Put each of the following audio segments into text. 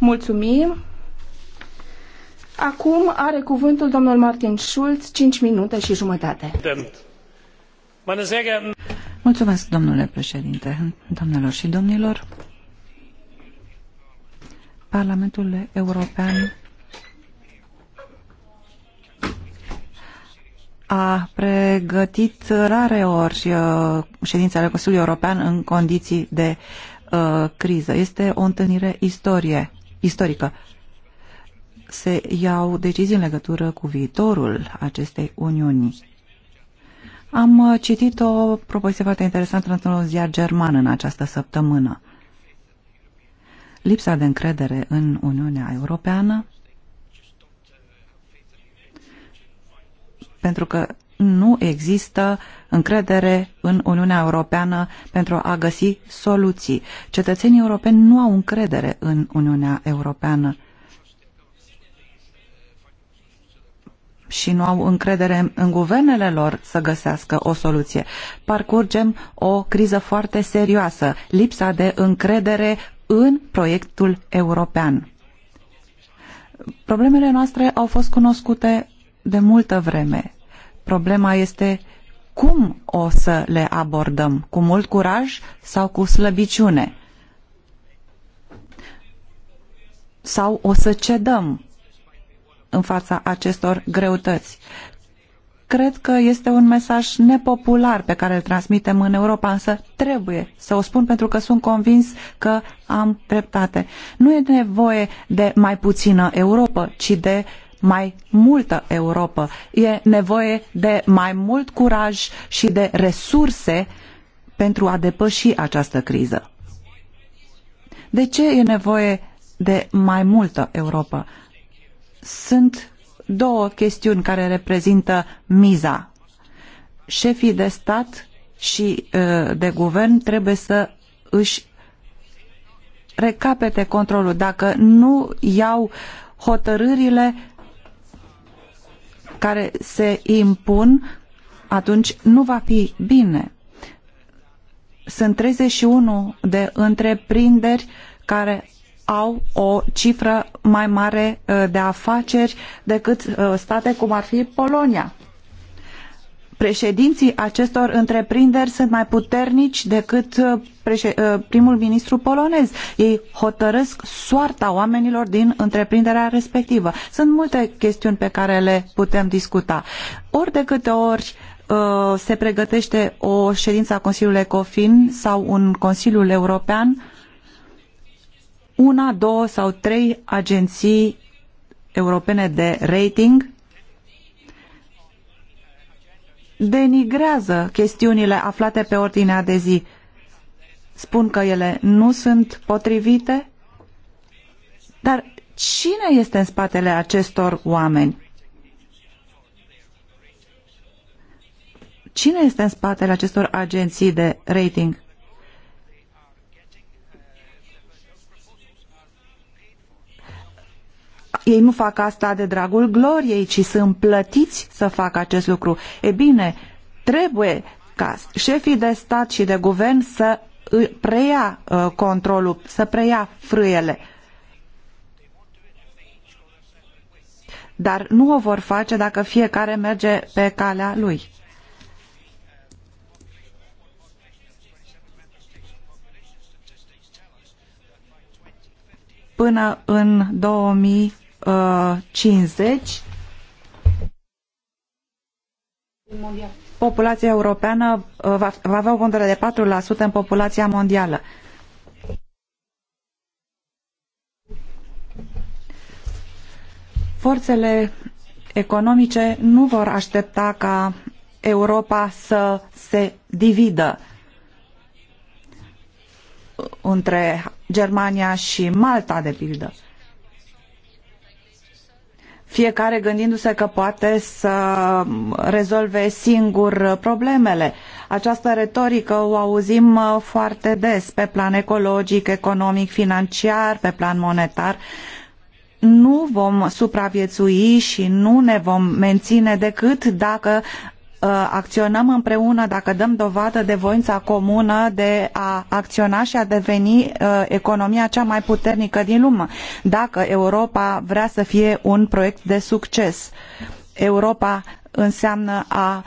Mulțumim. Acum are cuvântul domnul Martin Schulz, 5 minute și jumătate. Mulțumesc, domnule președinte, domnilor și domnilor. Parlamentul European a pregătit rare ori uh, ședințele Consiliului European în condiții de uh, criză. Este o întâlnire istorie istorică. Se iau decizii în legătură cu viitorul acestei uniuni. Am uh, citit o propoziție foarte interesantă într-un ziar german în această săptămână. Lipsa de încredere în Uniunea Europeană pentru că nu există încredere în Uniunea Europeană pentru a găsi soluții. Cetățenii europeni nu au încredere în Uniunea Europeană și nu au încredere în guvernele lor să găsească o soluție. Parcurgem o criză foarte serioasă, lipsa de încredere în proiectul european. Problemele noastre au fost cunoscute de multă vreme Problema este cum o să le abordăm, cu mult curaj sau cu slăbiciune? Sau o să cedăm în fața acestor greutăți? Cred că este un mesaj nepopular pe care îl transmitem în Europa, însă trebuie să o spun pentru că sunt convins că am dreptate. Nu e nevoie de mai puțină Europa, ci de mai multă Europa. E nevoie de mai mult curaj și de resurse pentru a depăși această criză. De ce e nevoie de mai multă Europa? Sunt două chestiuni care reprezintă miza. Șefii de stat și uh, de guvern trebuie să își recapete controlul. Dacă nu iau hotărârile, care se impun, atunci nu va fi bine. Sunt 31 de întreprinderi care au o cifră mai mare uh, de afaceri decât uh, state cum ar fi Polonia. Președinții acestor întreprinderi sunt mai puternici decât uh, uh, primul ministru polonez. Ei hotărăsc soarta oamenilor din întreprinderea respectivă. Sunt multe chestiuni pe care le putem discuta. Ori de câte ori uh, se pregătește o ședință a Consiliului Ecofin sau un Consiliul European, una, două sau trei agenții europene de rating denigrează chestiunile aflate pe ordinea de zi. Spun că ele nu sunt potrivite, dar cine este în spatele acestor oameni? Cine este în spatele acestor agenții de rating? Ei nu fac asta de dragul gloriei, ci sunt plătiți să facă acest lucru. E bine, trebuie ca șefii de stat și de guvern să preia uh, controlul, să preia frâiele. Dar nu o vor face dacă fiecare merge pe calea lui. Până în 2000 50 populația europeană uh, va, avea o pondere de 4% în populația mondială. Forțele economice nu vor aștepta ca Europa să se dividă între Germania și Malta, de pildă fiecare gândindu-se că poate să rezolve singur problemele. Această retorică o auzim uh, foarte des pe plan ecologic, economic, financiar, pe plan monetar. Nu vom supraviețui și nu ne vom menține decât dacă Uh, acționăm împreună, dacă dăm dovadă de voința comună de a acționa și a deveni uh, economia cea mai puternică din lume, dacă Europa vrea să fie un proiect de succes. Europa înseamnă a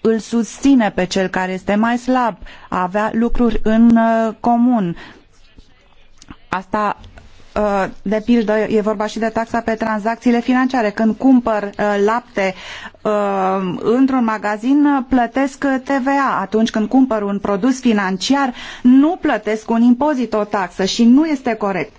îl susține pe cel care este mai slab, a avea lucruri în uh, comun. Asta Uh, de pildă, e vorba și de taxa pe tranzacțiile financiare. Când cumpăr uh, lapte uh, într-un magazin, plătesc TVA. Atunci când cumpăr un produs financiar, nu plătesc un impozit, o taxă și nu este corect.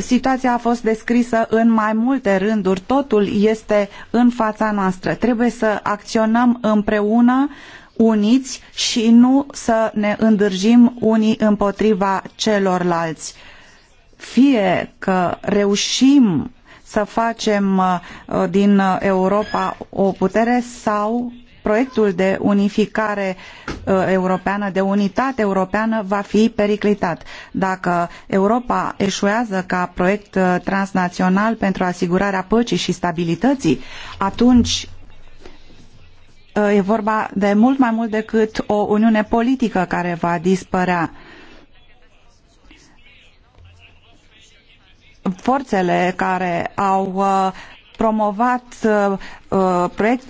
Situația a fost descrisă în mai multe rânduri, totul este în fața noastră. Trebuie să acționăm împreună, uniți și nu să ne îndârjim unii împotriva celorlalți. Fie că reușim să facem uh, din Europa o putere sau proiectul de unificare uh, europeană, de unitate europeană va fi periclitat. Dacă Europa eșuează ca proiect uh, transnațional pentru asigurarea păcii și stabilității, atunci e vorba de mult mai mult decât o uniune politică care va dispărea forțele care au uh, promovat uh, uh, proiecte